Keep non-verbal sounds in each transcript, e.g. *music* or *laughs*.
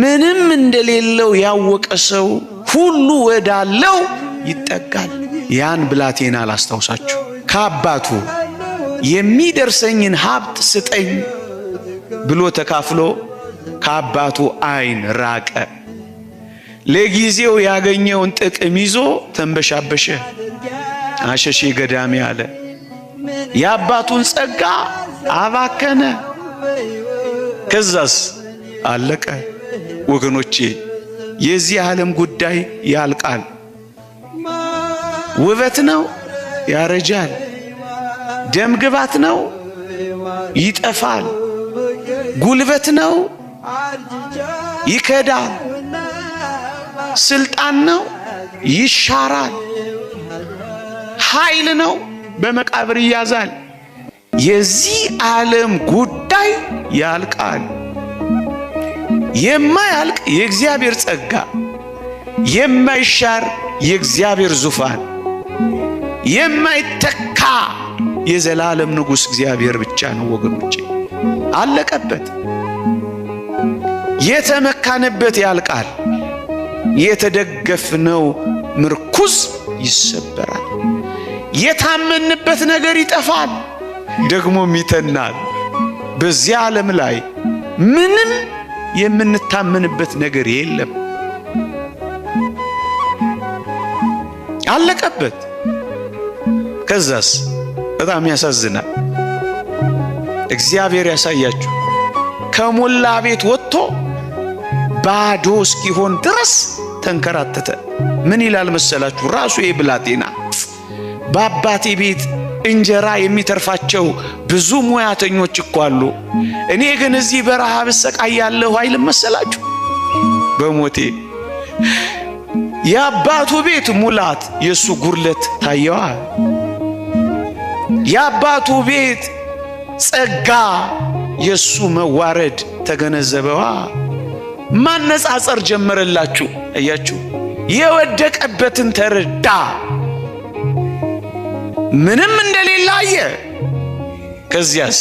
ምንም እንደሌለው ያወቀ ሰው ሁሉ ወዳለው ይጠጋል። ያን ብላቴና አላስታውሳችሁ ከአባቱ የሚደርሰኝን ሀብት ስጠኝ ብሎ ተካፍሎ ከአባቱ ዓይን ራቀ። ለጊዜው ያገኘውን ጥቅም ይዞ ተንበሻበሸ። አሸሼ ገዳሜ አለ። የአባቱን ጸጋ አባከነ። ከዛስ አለቀ። ወገኖቼ የዚህ ዓለም ጉዳይ ያልቃል። ውበት ነው፣ ያረጃል። ደም ግባት ነው፣ ይጠፋል። ጉልበት ነው፣ ይከዳል። ስልጣን ነው፣ ይሻራል። ኃይል ነው፣ በመቃብር ይያዛል። የዚህ ዓለም ጉዳይ ያልቃል። የማያልቅ የእግዚአብሔር ጸጋ፣ የማይሻር የእግዚአብሔር ዙፋን፣ የማይተካ የዘላለም ንጉሥ እግዚአብሔር ብቻ ነው ወገኖቼ። አለቀበት። የተመካነበት ያልቃል፣ የተደገፍነው ምርኩዝ ይሰበራል፣ የታመንበት ነገር ይጠፋል፣ ደግሞም ይተናል። በዚህ ዓለም ላይ ምንም የምንታመንበት ነገር የለም። አለቀበት። ከዛስ በጣም ያሳዝናል። እግዚአብሔር ያሳያችሁ። ከሞላ ቤት ወጥቶ ባዶ እስኪሆን ድረስ ተንከራተተ። ምን ይላል መሰላችሁ? ራሱ የብላቴና በአባቴ ቤት እንጀራ የሚተርፋቸው ብዙ ሙያተኞች እኮ አሉ፣ እኔ ግን እዚህ በረሃ ብሰቃያለሁ አይልም መሰላችሁ። በሞቴ የአባቱ ቤት ሙላት የእሱ ጉርለት ታየዋ። የአባቱ ቤት ጸጋ የእሱ መዋረድ ተገነዘበዋ። ማነጻጸር ጀመረላችሁ። እያችሁ የወደቀበትን ተረዳ። ምንም እንደሌለ አየ። ከዚያስ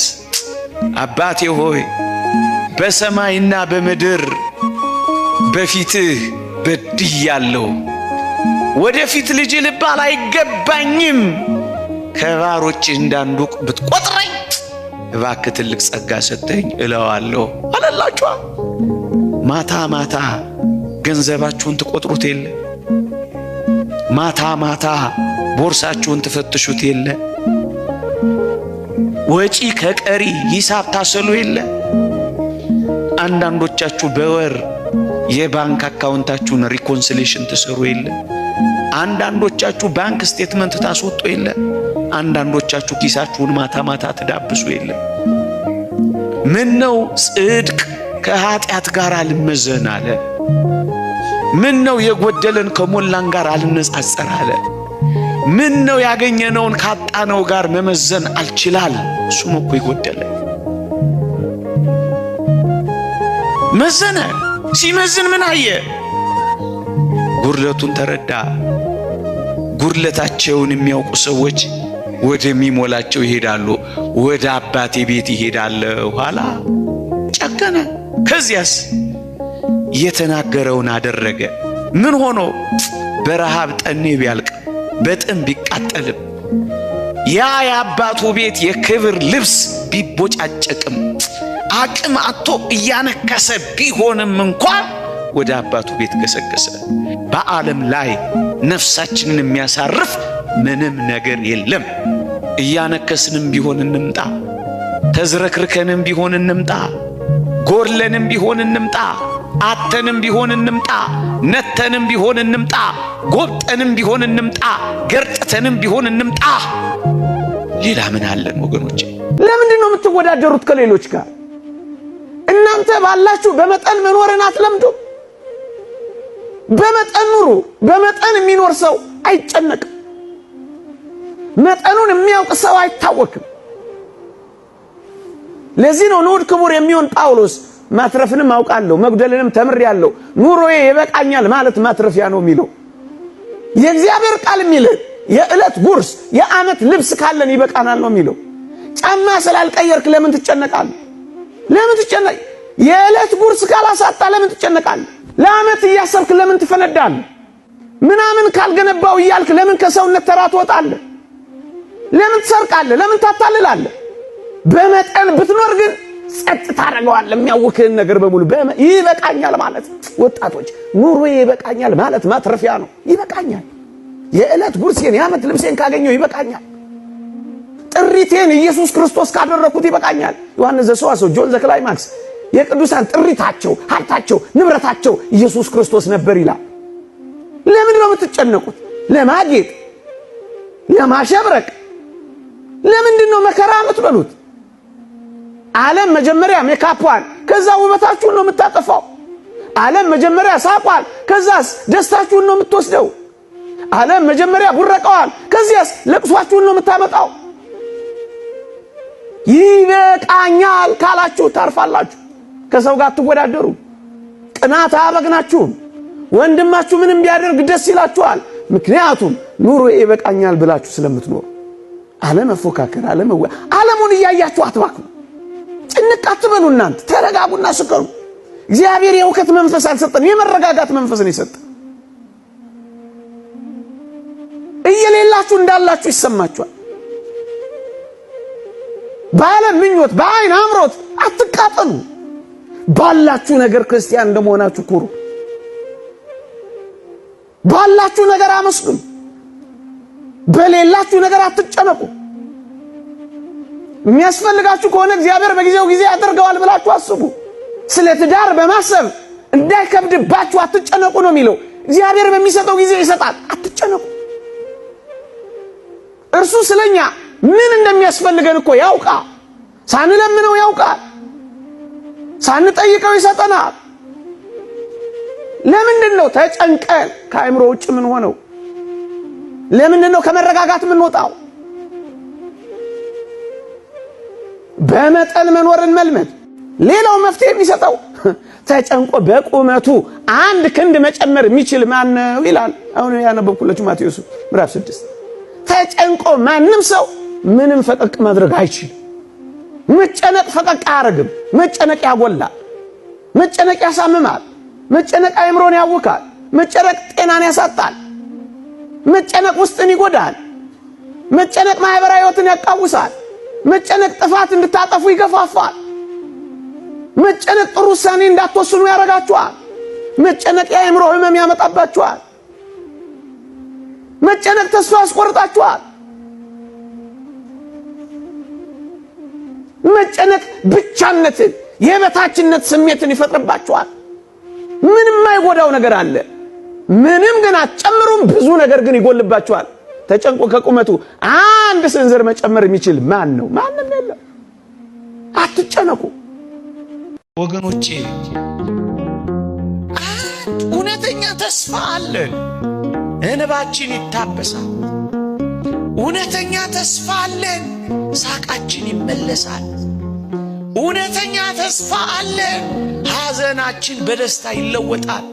አባቴ ሆይ በሰማይና በምድር በፊትህ በድያለሁ። ወደፊት ልጅ ልባል አይገባኝም። ከባሮች እንዳንዱ ብትቆጥረኝ እባክህ ትልቅ ጸጋ ሰጠኝ እለዋለሁ አለላችኋ። ማታ ማታ ገንዘባችሁን ትቆጥሩት የለ ማታ ማታ ቦርሳችሁን ትፈትሹት የለ ወጪ ከቀሪ ሂሳብ ታሰሉ የለ አንዳንዶቻችሁ በወር የባንክ አካውንታችሁን ሪኮንሲሌሽን ትሰሩ የለ አንዳንዶቻችሁ ባንክ ስቴትመንት ታስወጡ የለ አንዳንዶቻችሁ ኪሳችሁን ማታ ማታ ትዳብሱ የለ ምን ነው ጽድቅ ከኃጢአት ጋር አልመዘን አለ ምን ነው የጎደለን ከሞላን ጋር አልነጻጸር አለ ምን ነው ያገኘነውን ካጣነው ጋር መመዘን አልችላል። እሱም እኮ ይጎደለ መዘነ። ሲመዝን ምን አየ? ጉድለቱን ተረዳ። ጉድለታቸውን የሚያውቁ ሰዎች ወደሚሞላቸው ይሄዳሉ። ወደ አባቴ ቤት ይሄዳለሁ። ኋላ ጨከነ። ከዚያስ የተናገረውን አደረገ። ምን ሆኖ በረሃብ ጠኔ ቢያልቅ በጥም ቢቃጠልም ያ የአባቱ ቤት የክብር ልብስ ቢቦጫጨቅም አቅም አጥቶ እያነከሰ ቢሆንም እንኳ ወደ አባቱ ቤት ገሰገሰ። በዓለም ላይ ነፍሳችንን የሚያሳርፍ ምንም ነገር የለም። እያነከስንም ቢሆን እንምጣ፣ ተዝረክርከንም ቢሆን እንምጣ፣ ጎድለንም ቢሆን እንምጣ፣ አተንም ቢሆን እንምጣ ነተንም ቢሆን እንምጣ፣ ጎብጠንም ቢሆን እንምጣ፣ ገርጥተንም ቢሆን እንምጣ። ሌላ ምን አለን ወገኖች? ለምንድን ነው የምትወዳደሩት ከሌሎች ጋር? እናንተ ባላችሁ በመጠን መኖርን አትለምዱ። በመጠን ኑሩ። በመጠን የሚኖር ሰው አይጨነቅም። መጠኑን የሚያውቅ ሰው አይታወክም። ለዚህ ነው ንዑድ ክቡር የሚሆን ጳውሎስ ማትረፍንም አውቃለሁ መጉደልንም ተምሬያለሁ፣ ኑሮዬ ይበቃኛል ማለት ማትረፊያ ነው የሚለው የእግዚአብሔር ቃል የሚለን የዕለት ጉርስ የዓመት ልብስ ካለን ይበቃናል ነው የሚለው። ጫማ ስላልቀየርክ ለምን ትጨነቃለህ? ለምን ትጨነቅ? የዕለት ጉርስ ካላሳጣ ለምን ትጨነቃለህ? ለዓመት እያሰብክ ለምን ትፈነዳል? ምናምን ካልገነባው እያልክ ለምን ከሰውነት ተራ ትወጣለህ? ለምን ትሰርቃለህ? ለምን ታታልላለህ? በመጠን ብትኖር ግን ጸጥ ታደርገዋለህ። የሚያውክህን ነገር በሙሉ ይበቃኛል ማለት ወጣቶች፣ ኑሮ ይበቃኛል ማለት ማትረፊያ ነው። ይበቃኛል፣ የዕለት ጉርሴን የዓመት ልብሴን ካገኘው ይበቃኛል፣ ጥሪቴን ኢየሱስ ክርስቶስ ካደረኩት ይበቃኛል። ዮሐንስ ዘሰዋስው ጆን ዘክላይማክስ የቅዱሳን ጥሪታቸው፣ ሀብታቸው፣ ንብረታቸው ኢየሱስ ክርስቶስ ነበር ይላል። ለምን ነው የምትጨነቁት? ለማጌጥ፣ ለማሸብረቅ ለምንድን ነው መከራ የምትበሉት? ዓለም መጀመሪያ ሜካፑን ከዛ ውበታችሁን ነው የምታጠፋው። ዓለም መጀመሪያ ሳቋን ከዛስ ደስታችሁን ነው የምትወስደው። ዓለም መጀመሪያ ቡረቃዋን ከዚያስ ለቅሷችሁን ነው የምታመጣው። ይበቃኛል ካላችሁ ታርፋላችሁ። ከሰው ጋር አትወዳደሩ። ቅናት አያበግናችሁም። ወንድማችሁ ምንም ቢያደርግ ደስ ይላችኋል። ምክንያቱም ኑሮ ይበቃኛል ብላችሁ ስለምትኖሩ አለመፎካከር፣ አለመወ አለሙን እያያችሁ አትባክኑ። ንቅ አትበሉ እናንተ ተረጋጉና ስከሩ። እግዚአብሔር የእውከት መንፈስ አልሰጠንም፣ የመረጋጋት መንፈስ ነው የሰጠን። እየሌላችሁ እንዳላችሁ ይሰማችኋል። ባለ ምኞት፣ በአይን አምሮት አትቃጠሉ። ባላችሁ ነገር ክርስቲያን እንደመሆናችሁ ኩሩ። ባላችሁ ነገር አመስግኑ። በሌላችሁ ነገር አትጨነቁ። የሚያስፈልጋችሁ ከሆነ እግዚአብሔር በጊዜው ጊዜ ያደርገዋል ብላችሁ አስቡ። ስለ ትዳር በማሰብ እንዳይከብድባችሁ አትጨነቁ ነው የሚለው። እግዚአብሔር በሚሰጠው ጊዜ ይሰጣል፣ አትጨነቁ። እርሱ ስለኛ ምን እንደሚያስፈልገን እኮ ያውቃ? ሳንለምነው ያውቃል፣ ሳንጠይቀው ይሰጠናል። ለምንድን ነው ተጨንቀን ከአእምሮ ውጭ ምን ሆነው? ለምንድን ነው ከመረጋጋት ወጣው? በመጠን መኖርን መልመድ። ሌላው መፍትሄ የሚሰጠው *laughs* ተጨንቆ በቁመቱ አንድ ክንድ መጨመር የሚችል ማን ነው ይላል። አሁን ያነበብኩላችሁ ማቴዎስ ምዕራፍ 6 ተጨንቆ ማንም ሰው ምንም ፈቀቅ ማድረግ አይችልም። መጨነቅ ፈቀቅ አያደርግም። መጨነቅ ያጎላል። መጨነቅ ያሳምማል። መጨነቅ አእምሮን ያውካል። መጨነቅ ጤናን ያሳጣል። መጨነቅ ውስጥን ይጎዳል። መጨነቅ ማህበራዊ ህይወትን ያቃውሳል። መጨነቅ ጥፋት እንድታጠፉ ይገፋፋል። መጨነቅ ጥሩ ውሳኔ እንዳትወስኑ ያደርጋችኋል። መጨነቅ የአእምሮ ህመም ያመጣባችኋል። መጨነቅ ተስፋ ያስቆርጣችኋል። መጨነቅ ብቻነትን፣ የበታችነት ስሜትን ይፈጥርባችኋል። ምንም የማይጎዳው ነገር አለ። ምንም ግን አትጨምሩም። ብዙ ነገር ግን ይጎልባችኋል። ተጨንቆ ከቁመቱ አንድ ስንዝር መጨመር የሚችል ማን ነው? ማንም የለም። አትጨነቁ ወገኖቼ፣ እውነተኛ ተስፋ አለን። እንባችን ይታበሳል። እውነተኛ ተስፋ አለን። ሳቃችን ይመለሳል። እውነተኛ ተስፋ አለን። ሐዘናችን በደስታ ይለወጣል።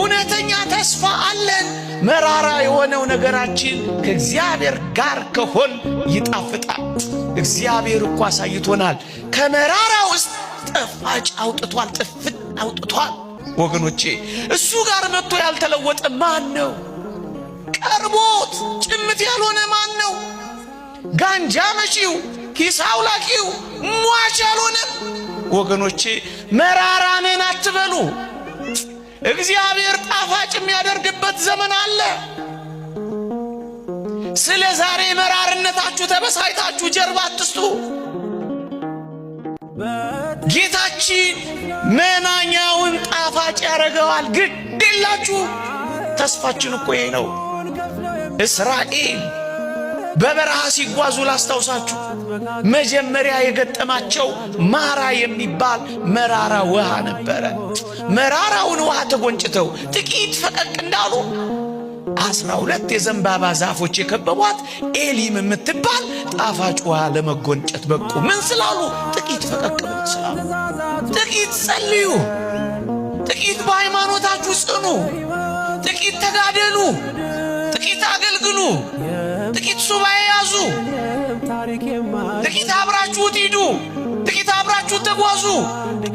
እውነተኛ ተስፋ አለን። መራራ የሆነው ነገራችን ከእግዚአብሔር ጋር ከሆን ይጣፍጣል። እግዚአብሔር እኮ አሳይቶናል። ከመራራ ውስጥ ጠፋጭ አውጥቷል፣ ጥፍት አውጥቷል። ወገኖቼ እሱ ጋር መጥቶ ያልተለወጠ ማን ነው? ቀርቦት ጭምት ያልሆነ ማን ነው? ጋንጃ መቺው፣ ኪስ አውላቂው፣ ሟች ያልሆነ ወገኖቼ መራራ ነን አትበሉ። እግዚአብሔር ጣፋጭ የሚያደርግበት ዘመን አለ። ስለ ዛሬ መራርነታችሁ ተበሳይታችሁ ጀርባ አትስጡ። ጌታችን መናኛውን ጣፋጭ ያደርገዋል። ግድ የላችሁ። ተስፋችን እኮ ይሄ ነው። እስራኤል በበረሃ ሲጓዙ ላስታውሳችሁ፣ መጀመሪያ የገጠማቸው ማራ የሚባል መራራ ውሃ ነበረ። መራራውን ውሃ ተጎንጭተው ጥቂት ፈቀቅ እንዳሉ አስራ ሁለት የዘንባባ ዛፎች የከበቧት ኤሊም የምትባል ጣፋጭ ውሃ ለመጎንጨት በቁ። ምን ስላሉ? ጥቂት ፈቀቅ ስላሉ። ጥቂት ጸልዩ፣ ጥቂት በሃይማኖታችሁ ጽኑ፣ ጥቂት ተጋደሉ፣ ጥቂት አገልግሉ። ጥቂት ሱባኤ ያዙ፣ ጥቂት አብራችሁት ሂዱ፣ ጥቂት አብራችሁት ተጓዙ።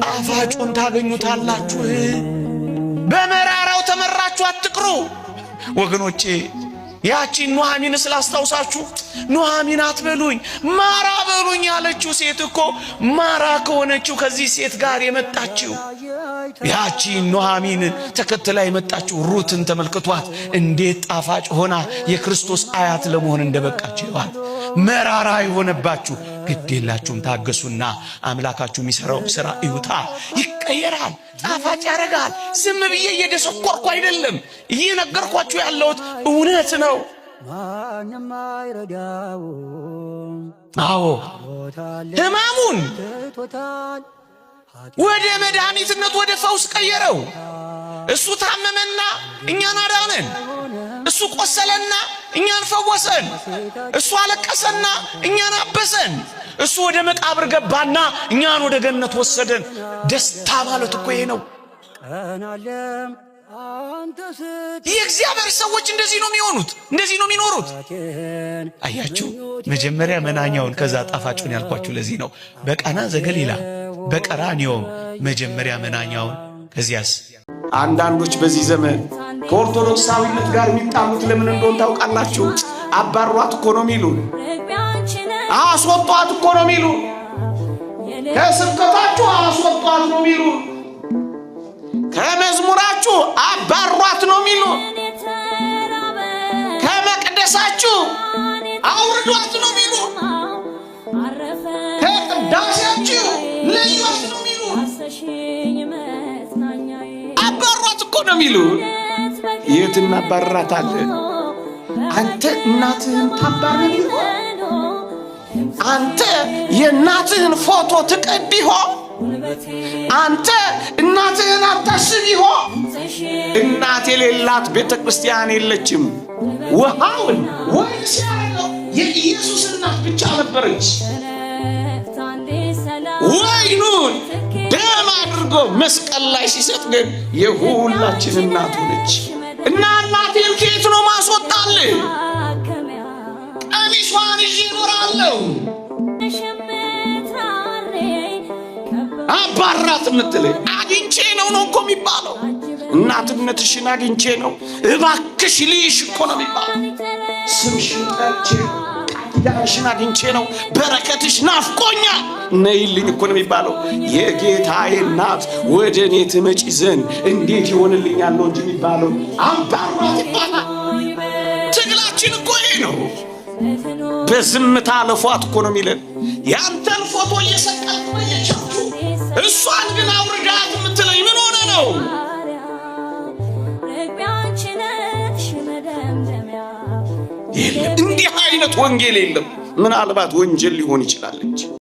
ጣፋጩን ታገኙታላችሁ። በመራራው ተመራችሁ አትቅሩ ወገኖቼ። ያቺን ኑሐሚን ስላስታውሳችሁ ኑሐሚን አትበሉኝ ማራ በሉኝ ያለችው ሴት እኮ ማራ ከሆነችው ከዚህ ሴት ጋር የመጣችው ያቺ ኑሐሚን ተከትላ የመጣችው ሩትን ተመልክቷት እንዴት ጣፋጭ ሆና የክርስቶስ አያት ለመሆን እንደበቃች ይዋል መራራ የሆነባችሁ ግድ የላችሁም ታገሱና አምላካችሁ የሚሠራው ሥራ እዩታ ይቀየራል፣ ጣፋጭ ያደርጋል። ዝም ብዬ እየደሰኮርኩ አይደለም፣ እየነገርኳችሁ ያለሁት እውነት ነው። አዎ ህማሙን ወደ መድኃኒትነት ወደ ፈውስ ቀየረው። እሱ ታመመና እኛን አዳነን። እሱ ቆሰለና እኛን ፈወሰን። እሱ አለቀሰና እኛን አበሰን። እሱ ወደ መቃብር ገባና እኛን ወደ ገነት ወሰደን። ደስታ ማለት እኮ ይሄ ነው። የእግዚአብሔር ሰዎች እንደዚህ ነው የሚሆኑት፣ እንደዚህ ነው የሚኖሩት። አያችሁ መጀመሪያ መናኛውን ከዛ ጣፋጩን ያልኳችሁ ለዚህ ነው። በቃና ዘገሊላ በቀራንዮም መጀመሪያ መናኛውን ከዚያስ። አንዳንዶች በዚህ ዘመን ከኦርቶዶክሳዊነት ጋር የሚጣሉት ለምን እንደሆን ታውቃላችሁ? አባሯት እኮ ነው የሚሉን አስወጧት እኮ ነው የሚሉ ከስብከታችሁ አስወጧት ነው የሚሉ ከመዝሙራችሁ አባሯት ነው የሚሉ ከመቅደሳችሁ አውርዷት ነው የሚሉ ከቅዳሴያችሁ ለዩት ነው የሚሉ አባሯት እኮ ነው የሚሉ የት እናባርራታለን? አንተ እናትህን ታባረን አንተ የእናትህን ፎቶ ትቀቢ ሆ? አንተ እናትህን አታስቢ ሆ? እናት የሌላት ቤተ ክርስቲያን የለችም። ውሃውን ወይስ ያለው የኢየሱስ እናት ብቻ ነበረች። ወይኑን ደም አድርጎ መስቀል ላይ ሲሰጥ ግን የሁላችን እናት ሆነች እና እናቴን ከየት ነው ማስወጣልህ? ናት የምትልህ። አግኝቼ ነው ነው እኮ የሚባለው። እናትነትሽን አግኝቼ ነው እባክሽ ልይሽ እኮ ነው የሚባለው። ስምሽን ጠርቼ ኪዳንሽን አግኝቼ ነው በረከትሽ ናፍቆኛ ነይልኝ እኮ ነው የሚባለው። የጌታዬ እናት ወደ እኔ ትመጪ ዘንድ እንዴት ይሆንልኛል ነው እንጂ የሚባለው። አምባሯት ይባላል። ትግላችን እኮ ይሄ ነው። በዝምታ አለፏት እኮ ነው የሚለን ያንተን ፎቶ እየሰጣት መየቻ እሷን ግን አውርዳት የምትለኝ ምን ሆነ ነው? የለም እንዲህ አይነት ወንጌል የለም። ምናልባት ወንጀል ሊሆን ይችላለች።